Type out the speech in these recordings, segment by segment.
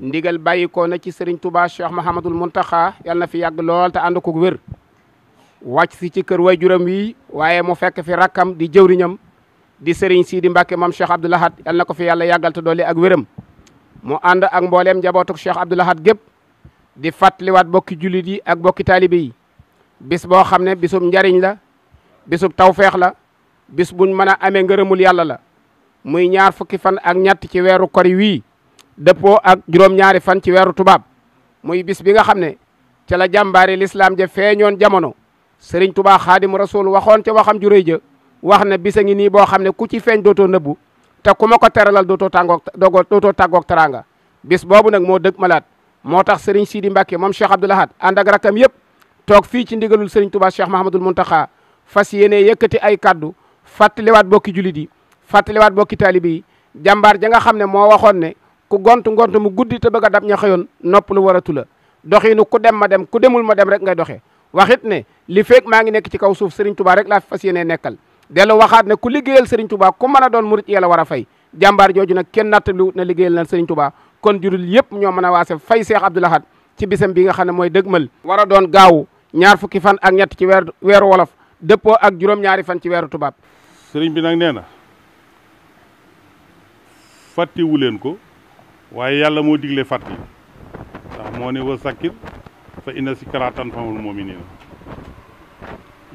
ndigal bàyyikoo na ci sëriñ Touba Cheikh Mahamadul Muntaxa yal na fi yàgg lool te ànd ko wér wàcc si ci kër waajuram wi waaye mu fekk fi rakkam di jëwriñam di sëriñ Sidi Mbàkke moom Cheikh Abdoul Ahad yal na ko fi yàlla yàggal te dolli ak wéram mu ànd ak mbooleem njabootuk Cheikh Abdoul Ahad gépp di fàttaliwaat bokki jullit yi ak bokki taalibe yi bis boo xam ne bisub njariñ la bisub tawfeex la bis buñ mën a amee ngërëmul yàlla la muy ñaar fukki fan ak ñett ci weeru kori wii dëppoo ak juróom-ñaari fan ci weeru tubaab muy bis bi nga xam ne ca la jàmbaari lislaam ja feeñoon jamono sëriñ tubaa xaadim rasul waxoon ca waxam ju rëy ja wax ne bisa ngi nii boo xam ne ku ci feeñ dootoo nëbbu te ku ma ko teralal dootoo tàngoog dogo dootoo tàggoog teraanga bis boobu nag moo dëgg malaat moo tax sëriñ Sidi Mbàkke moom Cheikh Abdoul Ahad ànd ak rakam yëpp toog fii ci ndigalul sëriñ tubaa Cheikh Mahamadul Muntaxa fas yéene yëkkati ay kaddu fàttaliwaat bokki julit yi fàttaliwaat bokki taalibi yi jàmbaar ja nga xam ne moo waxoon ne ku gont ngont mu guddi te bëgg a dab ña xëyoon nopp lu waratu la doxiinu ku dem ma dem ku demul ma dem rek ngay doxee waxit ne li feeg maa ngi nekk ci kaw suuf Serigne Touba rek laa fa yéenee nekkal dellu waxaat ne ku liggéeyal Serigne Touba ku mën a doon murit yàlla war a fay jàmbaar jooju na kenn nattalu na liggéeyal na Serigne Touba kon jurul yëpp ñoo mën a waase fay Seex Abdou Lahad ci bisam bi nga xam ne mooy dëgmal war a doon gaawu ñaar fukki fan ak ñett ci weer weeru wolof dëppoo ak juróom fan ci weeru tubaab sëriñ bi nag nee na leen ko waaye yàlla moo digle fàttali ndax moo ne wa zakkir fa inna zikraa tanfa'ul mu'miniina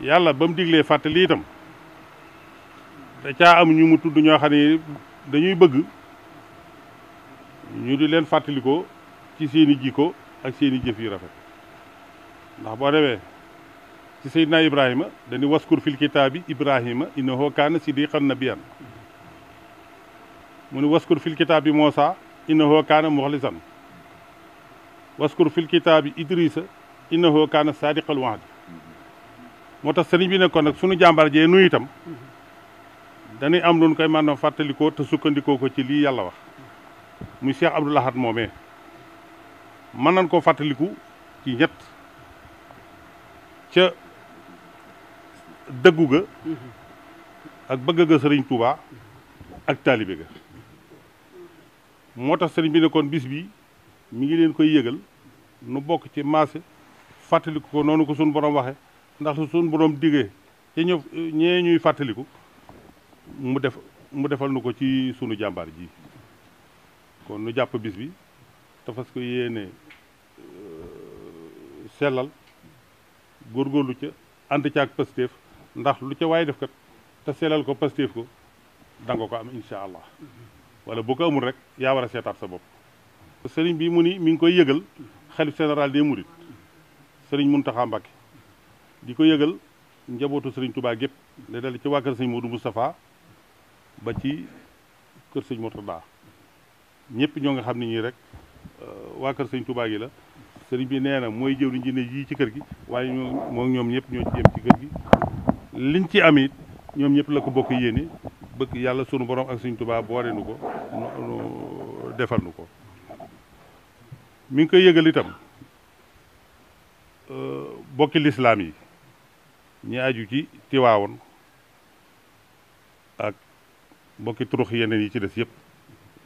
yàlla ba mu diglee fàttali tam da caa am ñu mu tudd ñoo xam ne dañuy bëgg ñu di leen fàttalikoo ci seeni jikko ak seeni jëf yu rafet ndax boo demee ci Seydina Ibrahima dañu waskur fil kitaabi Ibrahima innahu kaana siddiqan nabiyyan mu ne waskur fil kitaabi innahu kaana muxlisan waskur fil kitaabi idrisa innahu kaana sadiqal wa'd moo tax sëriñ bi ne kon nag suñu jàmbaar jee nuyu itam dañuy am lu ñu koy mën a fàttalikoo te sukkandikoo ko ci lii yàlla wax muy Cheikh Abdou Lahad moomee mën nañ koo fàttaliku ci ñett ca dëggu ga mm-hmm. ak bëgg ga sëriñ Touba ak taalibe ga moo tax sëriñ bi ne kon bis bi mu ngi leen koy yëgal nu bokk ci maase fàttaliku ko noonu ko suñu borom waxe ndax lu suñu borom diggee ci ñë ñee ñuy fàttaliku mu def mu defal nu ko ci sunu jàmbaar ji kon nu jàpp bis bi te fas ko yéene euh, sellal góorgóorlu ca ànd ca ak Pastef ndax lu ca waaye def kat te sellal ko Pastef ko danga ko am incha allah wala bu ko amul rek yaa war a seetaat sa bopp sëriñ bi mu ni mi ngi koy yëgal xalif général des mourides sëriñ Muntaxa Mbàkke di ko yëgal njabootu sëriñ Touba gépp da dal ci waa kër sëñ Modou Moustapha ba ci kër sëñ Mourtada ñëpp ñoo nga xam ne ñii rek euh, waa kër sëñ Touba gi la sëriñ bi nee na mooy jëw liñ ne yii ci kër gi waaye ñoo moom ñoom ñëpp ñoo ci yem ci kër gi liñ ci am ñoom ñëpp la ko bokk yéene bëgg yàlla sunu borom ak suñu tubaab boole nu ko defal nu ko mi ngi koy yëgal itam euh, bokki lislaam yi ñi aju ci Tiwaawoon ak bokki turux yeneen yi ci des yëpp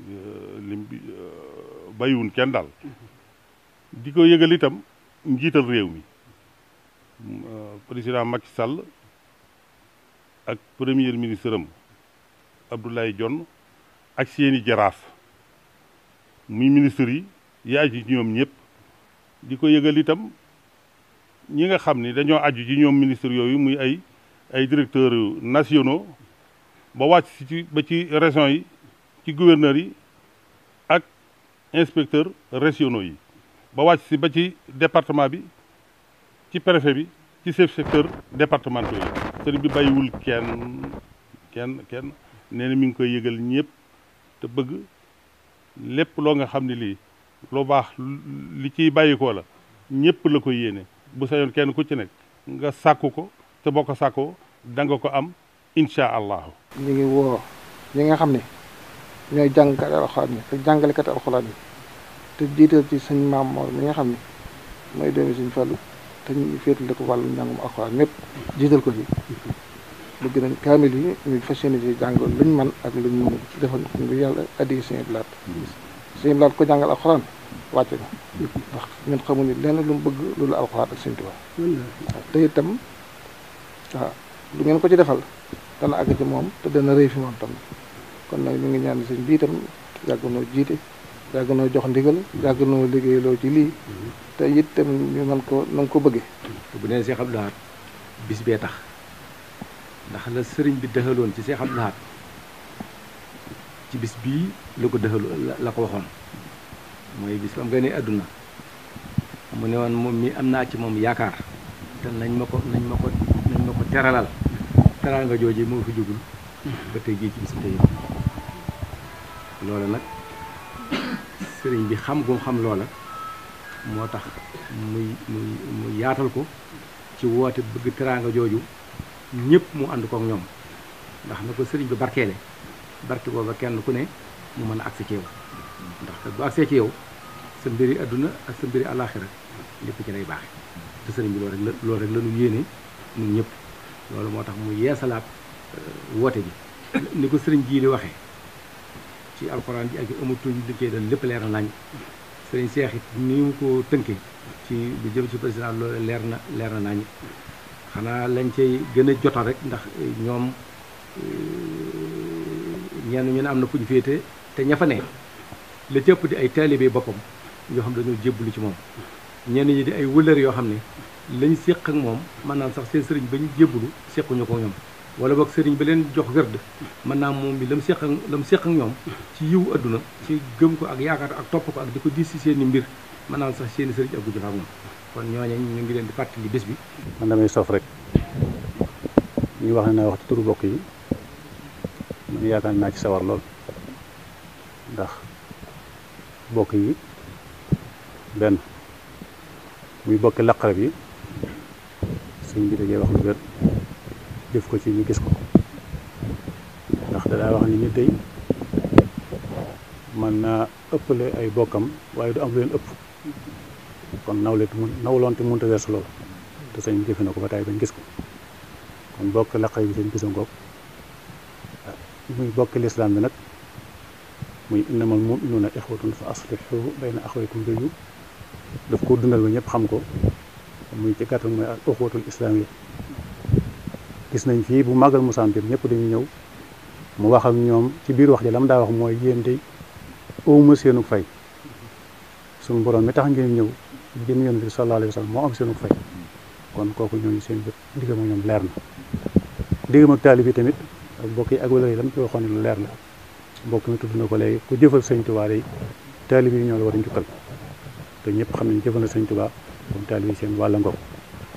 euh, lim bi euh, bàyyiwun kenn daal di ko yëgal itam njiital réew mi président Macky Sall ak premier ministre am Abdoulaye Dione ak seeni jaraas muy ministre yi yaa ji ñoom ñëpp di ko yëgal itam ñi nga xam ni dañoo aju ci ñoom ministre yooyu muy ay ay directeurs nationaux ba wàcc ci ba ci régions yi ci gouverneurs yi ak inspecteurs régionaux yi ba wàcc si ba ci département bi ci préfet bi ci chef secteur départementaux yi sëriñ bi bàyyiwul kenn kenn kenn nee na mi ngi koy yëgal ñëpp te bëgg lépp loo nga xam ne lii lu baax li ciy bàyyikoo la ñëpp la ko yéene bu sañoon kenn ku ci nekk nga sàkku ko te boo ko sàkkoo danga ko am incha allahu ñu ngi woo ñi nga xam ne ñooy jàngkat alxuraan yi ak jàngalekat alxuraan te jiital ci sëñ maam moor mi nga xam ne mooy doomi sëñ Fallu te ñu féetale ko wàllu njàngum alxuraan mépp jiital ko ci bëgg nañ kaamil yi ñu fas yéene ci jàngal luñ man ak luñ mënul defal lu yàlla addi sëñ Abdou Lahad sëñ Abdou ko jàngal alxuraan wàcc na ndax ñun xamu ni lenn lu mu bëgg loolu alxuraan ak sëñ Tuubaa waaw te itam lu ngeen ko ci defal dana àgg ci moom te dana rëy fi moom tam kon nag ñu ngi ñaan sëñ bi itam yàgg noo jiite yàgg noo jox ndigal yàgg noo liggéeyloo ci lii mm-hmm. te itam ñu man ko na nga ko bëggee bu nee Sëñ bis bee tax ndax la sëriñ bi dëxaloon ci Cheikh Abdou Lahad ci bis bii la ko dëxalu la ko waxoon mooy bis am nga ne àdduna mu ne woon moom mi am naa ci moom yaakaar te nañ ma ko nañ ma ko nañ teralal teral nga jooju moo fi jugul ba tey jii ci bis tey loola nag sëriñ bi xam gum xam loola moo tax muy muy muy yaatal ko ci woote bëgg teraanga jooju ñëpp mu ànd kook ñoom ndax na ko sëriñ bi barkeele barke booba kenn ku ne mu mën a agsi ci yow ndax bu agsee ci yow sa mbiri adduna ak sa mbiri àllaaxira lépp ci lay baaxe te sëriñ bi loolu rek la loolu rek la ñu yéene ñun ñëpp loolu moo tax mu yeesalaat euh, woote bi ni ko sëriñ jii di waxee ci alxuraan ji ak yi amatuñ li koy dal lépp leer na lañ sëriñ seex it ni mu ko tënkee ci lu jëm ci président loolu leer na leer na nañ xanaa lañ cay gën a jotal rek ndax eh, ñoom eh, ñenn ñu ne am na fu ñu féete te ña fa ne la cëpp di ay taalibe boppam yoo xam dañoo jébbalu ci moom ñenn ñi di ay wëllër yoo xam ne lañ séq ak moom naa sax seen sëriñ ba ñu jébbalu séquñu ko ñoom wala boog sëriñ bi leen jox werd mën naa moom bi la mu seq ak seq ñoom ci yiw adduna ci gëm ko ak yaakaar ak topp ko ak di ko diis ci seeni mbir mën naa sax seen i sëriñ ak gujëfaak moom kon ñooñu ñu ngi leen di fàttali bés bi man may sof rek ñu wax ne naa wax turu bokk yi man yaakaar naa ci sawar lool ndax bokk yi benn muy bokki laqarab yi suñ bi dajee wax lu wér def ko ci ñu gis ko ndax danaa wax ni nit day mën naa ëppale ay bokkam waaye du am leen ëpp kon nawleet mun nawloonte mënut a weesu loolu te sëñ bi jëfe na ko ba bañ gis ko kon bokk laqay bi sëñ gisa ngoog muy bokk lislaam bi nag muy innamal mu'minuuna ixwatun fa aslihu bayna axawaykum jooju daf ko dundal ba ñëpp xam ko muy ci gàttal mooy ak uxwatul islaam yi gis nañ fii bu màggal mu sampir ñëpp dañu ñëw mu wax ak ñoom ci biir wax ji la mu daa wax mooy yéen de awma seenu fay suñu borom mi tax ngeen ñëw jëm yoon bi sallallahu alayhi moo seenu fay kon kooku ñooñu seen bët ñoom leer na diggam ak taalib yi tamit ak mbokk yi ak wala yi lam ci waxoon lu leer la mbokk mi tudd na ko léegi ku jëfal sëñ tubaa day taalib yi ñoo la war a njukkal te ñëpp xam nañ jëfal na sëñ tubaa kon taalib yi seen wàll ngoog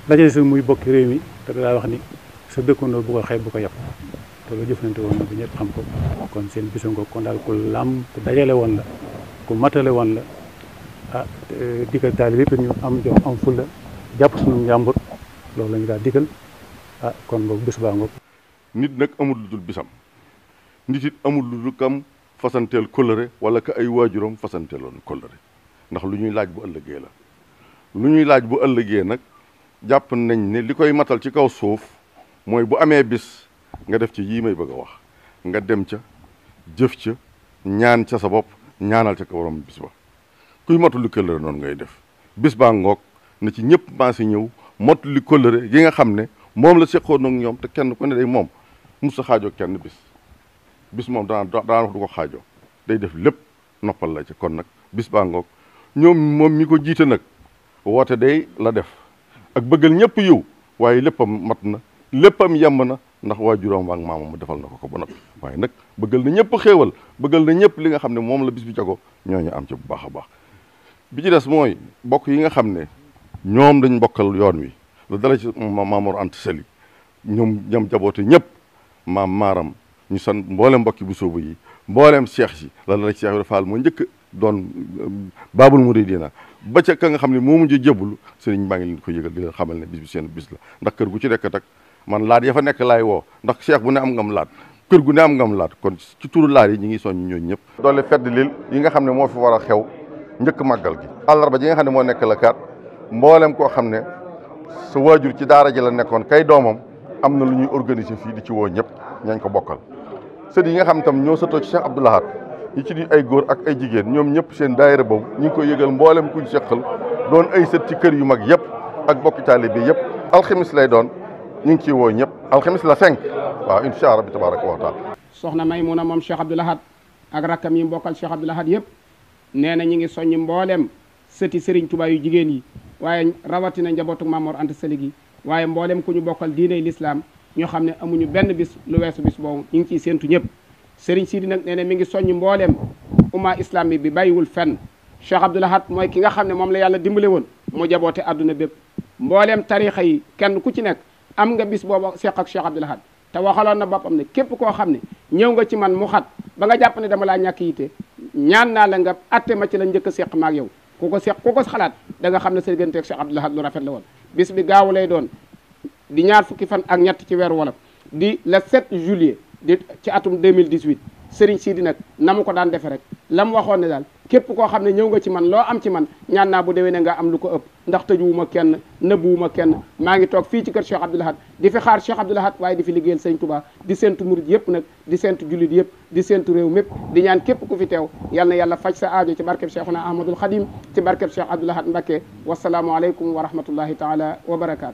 la ca des muy bokki réew mi te daa wax ni sa dëkkandoo bu ko xeeb bu ko yàpp te loolu jëfante woon na bu ñëpp xam ko kon seen bisu ngoog kon daal ku làmb ku dajale woon la ku matale woon la ah digal taali yëpp ñu am jom am fulla jàpp suñu njàmbur loolu ñu daal digal ah kon ngoog bis baa ngoog nit nag amul lu dul bisam nit it amul lu dul kam fasanteel kóllëre wala ka ay waajuram fasanteeloon kóllëre ndax lu ñuy laaj bu ëllëgee la lu ñuy laaj bu ëllëgee nag jàpp nañ ne li koy matal ci kaw suuf mooy bu amee bis nga def ci yii may bëgg a wax nga dem ca jëf ca ñaan ca sa bopp ñaanal ca ko borom bis ba kuy motu li këllëre noonu ngay def bis baa ngoog na ci ñëpp maasi ñëw motu li këllëre yi nga xam ne moom la seqoon ak ñoom te kenn ku ne day moom mus sa xaajoo kenn bis bis moom daan daan wax du ko xaajoo day def lépp noppal la ci kon nag bis baa ngoog ñoom moom mi ko jiite nag woote day la def ak bëggal ñëpp yiw waaye léppam mat na léppam yemb na ndax waajuram waa maamam mu defal na ko ko ba noppi waaye nag bëggal na ñëpp xéewal bëggal na ñëpp li nga xam ne moom la bis bi jago ñooñu am ci bu baax a baax bi ci des mooy bokk yi nga xam ne ñoom dañ bokkal yoon wi lu dala ci Maamoor Anta Sali ñoom ñoom jaboote ñëpp maam maaram ñu san mboolem mbokki bu soobu yi mboolem cheikh si la dala ci Cheikh Ibra Fall moo njëkk doon euh, baabul muridina ba ca ka nga xam ne moo mujj jébbalu sëriñ baa ngi leen ko yëgal di leen xamal ne bis bi seen bis la ndax kër gu ci nekk tak man laat ya fa nekk laay woo ndax cheikh bu ne am ngam laat kër gu ne am ngam laat kon ci turu laat yi ñi ngi soññ ñooñu ñëpp doole fedd lil yi nga xam ne moo fi war a xew njëkk màggal gi àllarba ji nga xam ne moo nekk la kaat mboolem koo xam ne sa waajur ci daara ji la nekkoon kay doomam am na lu ñuy organiser fii di ci woo ñëpp ñañ ko bokkal sët yi nga xam tam ñoo sëtoo ci Cheikh Abdou Lahad ci di ay góor ak ay jigéen ñoom ñëpp seen daayira boobu ñu ngi koy yëgal mboolem kuñ seqal doon ay sët yu mag yëpp ak bokki taalibe bi yëpp alxamis lay doon ñu ngi ciy woo ñëpp alxamis la 5 waaw incha rabbi tabaraka moom Cheikh Abdoul ak rakkam yi mbokkal Cheikh Abdoul Ahad yëpp nee na ñu ngi soññi mbooleem sëti Serigne tubaayu jigéen yi waaye rawatina njabootu Mamor Anta Sali gi waaye mboolem ku ñu bokkal diiney lislaam ñoo xam ne amuñu benn bis lu weesu bis boobu ñu ngi ciy séentu ñëpp Serigne Sidi nag mi ngi soññ mboolem umma islam bi bi bàyyiwul fenn Cheikh Abdoul Ahad mooy ki nga xam ne moom la yàlla dimbale woon mu jaboote adduna bépp mbooleem tarixa yi kenn ku ci nekk am nga bis booba seq ak Cheikh Abdou Lahad te waxaloon na boppam ne képp koo xam ne ñëw nga ci man mu xat ba nga jàpp ne dama laa ñàkk yite ñaan naa la nga atte ma ci la njëkk a seq maak yow ku ko seq ku ko xalaat danga xam ne sa diggante ak Cheikh Abdou Lahad lu rafet la woon bis bi gaawu lay doon di ñaar fukki fan ak ñett ci weeru wolof di la 7 juillet di ci atum mille 2018 Serigne Sidi nag na mu ko daan defe rek la mu waxoon ne daal képp koo xam ne ñëw nga ci man loo am ci man ñaan naa bu déwénee nga am lu ko ëpp ndax tëjuwuma kenn nëbbuwuma kenn maa ngi toog fii ci kër Cheikh Abdoul Ahad di fi xaar Cheikh Abdoul waaye di fi liggéeyal sëñ Touba di séntu murid yëpp nag di séntu jullit yëpp di séntu réew mépp di ñaan képp ku fi teew yal na yàlla faj sa aajo ci barkeb Cheikhuna Ahmadul Khadim ci barkeb Cheikh Abdoul Ahad Mbacké wasalaamu aleykum wa rahmatullahi taala wa barakaatu